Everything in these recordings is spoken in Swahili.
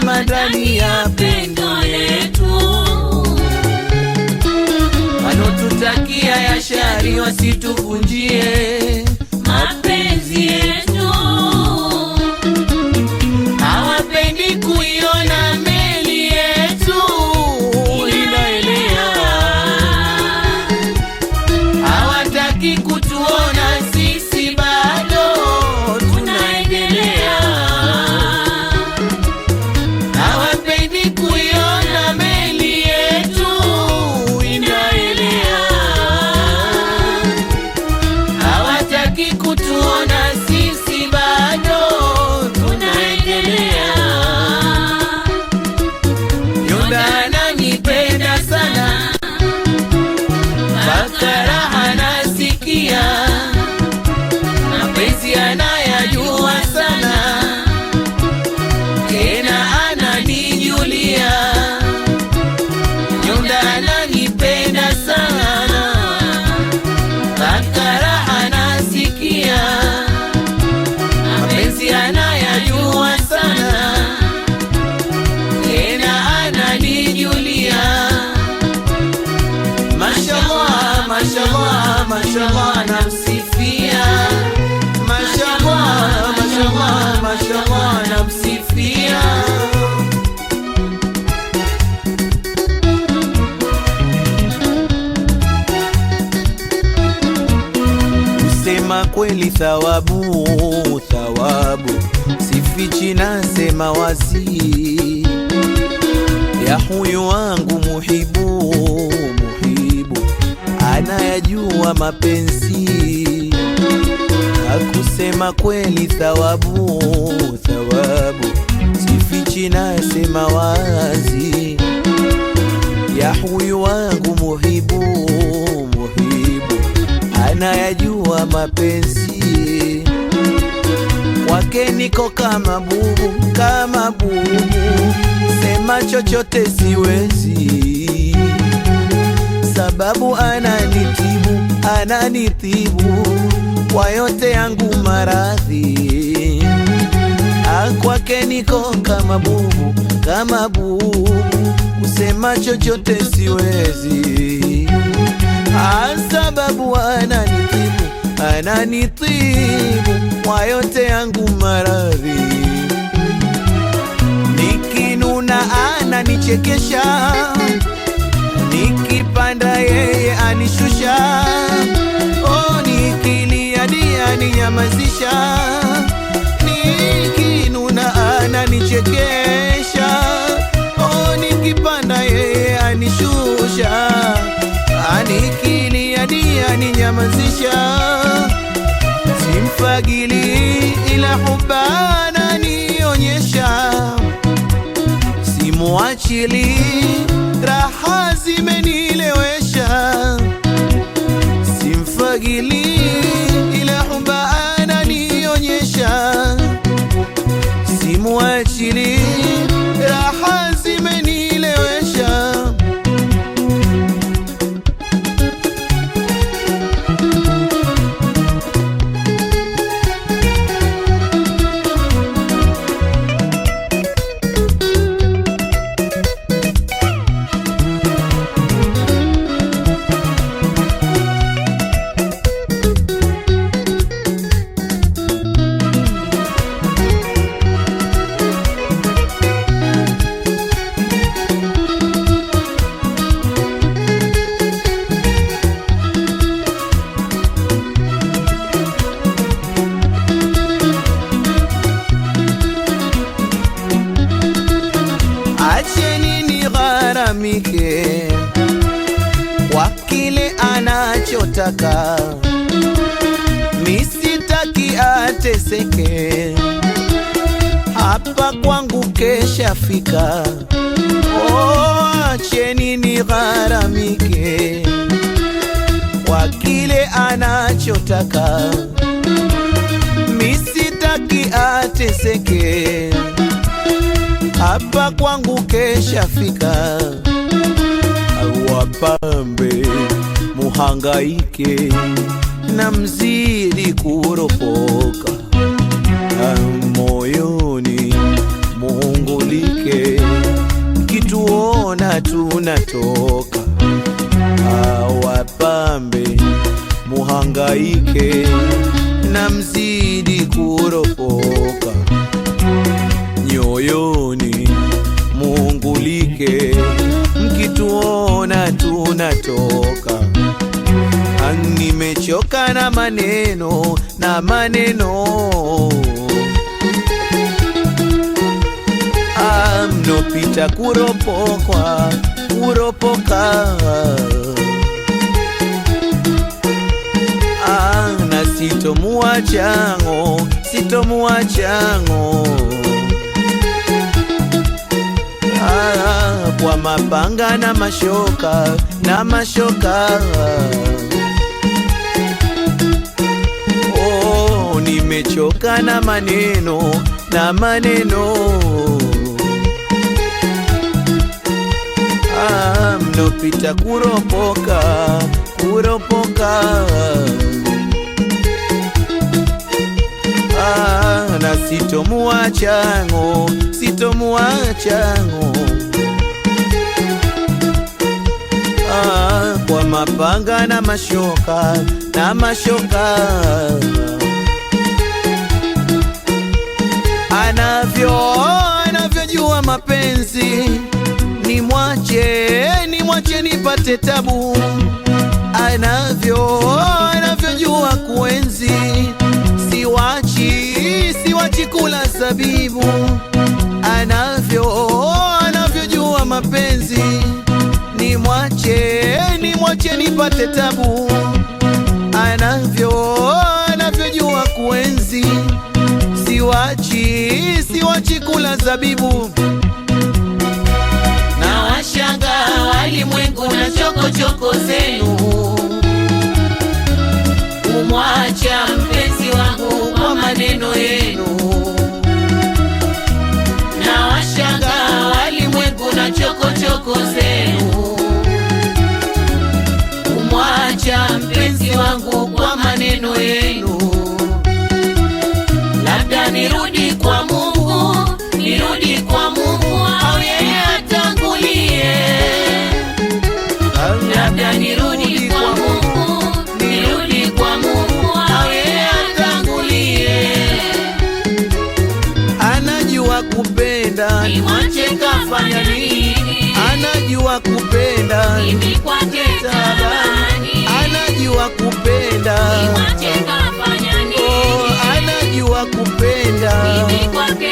salama ndani ya pendo letu. wanotutakia ya shari wasituvunjie mapenzi yetu. nasema kweli, thawabu thawabu, sifichi nasema wazi ya huyu wangu muhibu muhibu, anayajua mapenzi, akusema kweli, thawabu thawabu, sifichi nasema wazi ya huyu wangu muhibu muhibu anayajua mapenzi wake, niko kama bubu, kama bubu, sema chochote siwezi, sababu ananitibu, ananitibu kwa yote yangu maradhi. Ah, kwake niko kama bubu, kama bubu, usema chochote siwezi asababu ananitibu, ananitibu kwa yote yangu maradhi, nikinuna ananichekesha, nikipanda yeye anishusha, oh, nikilia ndiye aninyamazisha kuninyamazisha, simfagili ila hubana nionyesha, simuachili raha zime niteseke, hapa kwangu keshafika. Oh, acheni nigharamike kwa kile anachotaka, misitaki ateseke, hapa kwangu kesha fika Wapambe muhangaike na mzidi kuroporoka moyoni muungulike, kituona tunatoka awapambe muhangaike choka na maneno na maneno amnopita kuropokwa kuropoka ana sitomuwachango sitomuwachango kwa mapanga na mashoka na mashoka nimechoka na maneno na maneno ah, mnopita kuropoka kuropoka ah, na sitomuwachango sitomuwachango ah, kwa mapanga na mashoka na mashoka anavyo anavyojua mapenzi, ni mwache ni mwache nipate tabu, anavyo anavyojua kuenzi, siwachi siwachi kula zabibu, anavyo anavyojua mapenzi, ni mwache ni mwache nipate tabu, anavyo kula zabibu. Na washanga walimwengu na chokochoko zenu, umwacha mpenzi wangu kwa maneno yenu. Na washanga walimwengu na chokochoko zenu, umwacha mpenzi wangu kwa maneno yenu. nirudi kwa Mungu au yeye atangulie? Labda nirudi kwa Mungu, nirudi kwa Mungu au yeye atangulie? Anajua kupenda, nimwache kafanya nini? Anajua kupenda, mimi kwake tabani. Anajua kupenda, nimwache kafanya nini? Oh, anajua kupenda, mimi kwake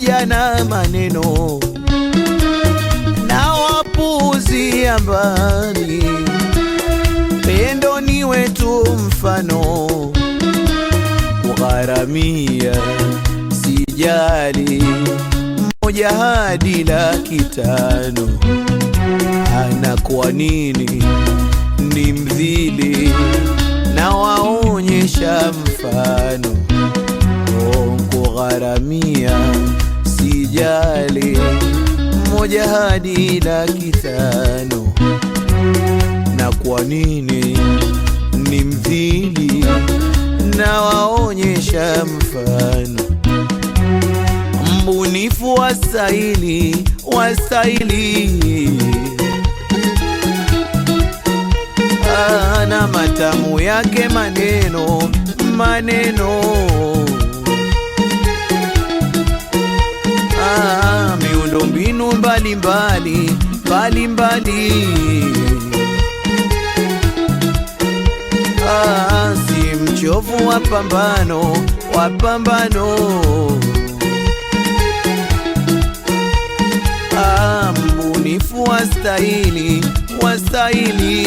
kuja na maneno na wapuzi ambani Pendo ni wetu mfano kugharamia sijali moja hadi laki tano ana kwa nini ni mdhili na waonyesha mfano oh, kugharamia usijali, moja hadi laki tano. Na kwa nini ni mdhili, nawaonyesha mfano. Mbunifu wastahili, wastahili ana matamu yake maneno, maneno miundo miundombinu mbalimbali mbalimbali ah, si mchovu wa pambano wa pambano ah, mbunifu wastahili wastahili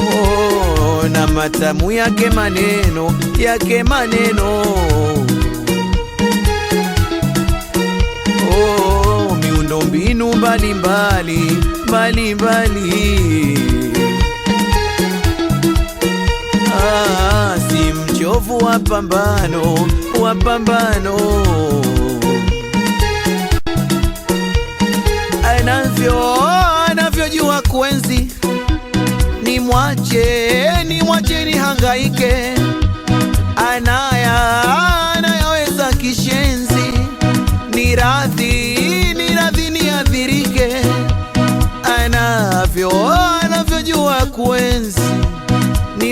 oh, na matamu yake maneno yake maneno miundo miundombinu mbalimbali mbalimbali. Ah, si mchovu wa pambano wa pambano anavyo anavyojua kuenzi ni mwache ni mwache ni hangaike anaya anayaweza kishenzi ana vyo niadhirike anavyo anavyojua kuenzi, ni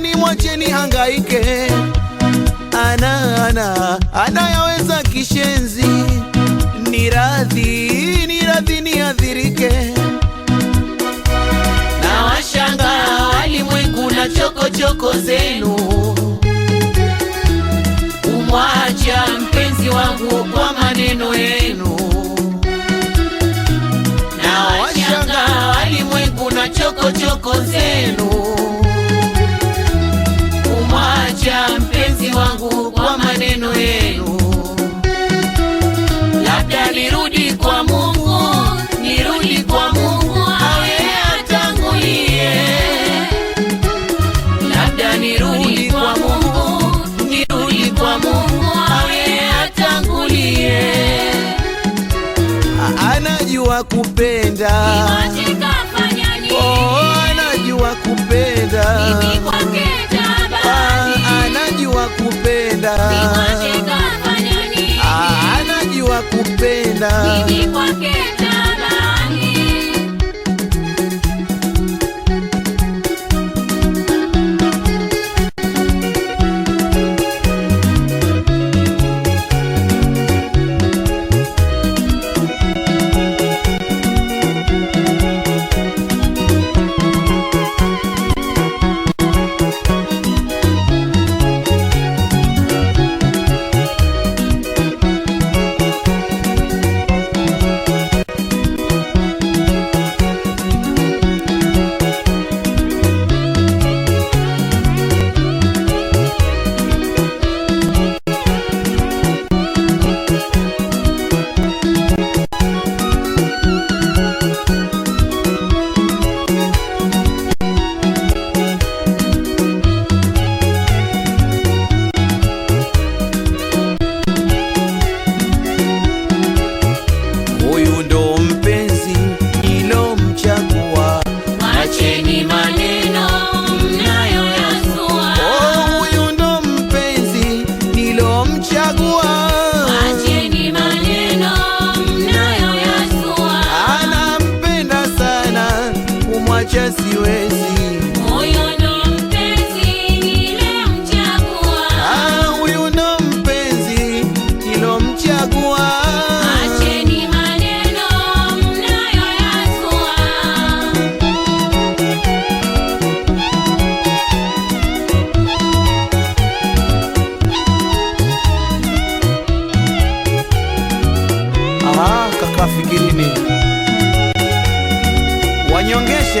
nimwache hangaike ana ana anayaweza kishenzi, ni radhi niadhirike na washanga walimwengu na chokochoko zenu kumwacha mpenzi wangu kwa maneno yenu, na washanga walimwengu na chokochoko zenu choko kupenda Imagine.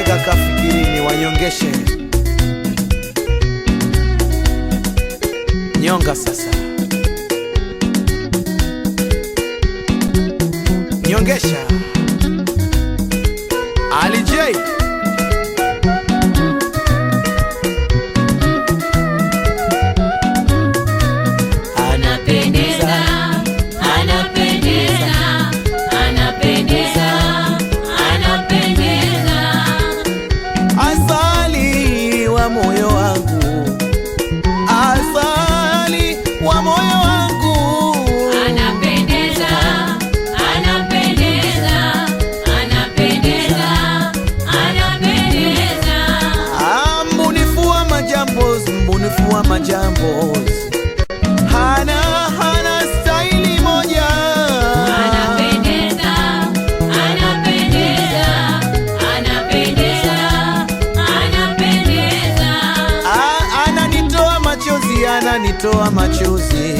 Wanyongeshe kaka wanyongeshe. Nyonga sasa, nyongesha kutoa machozi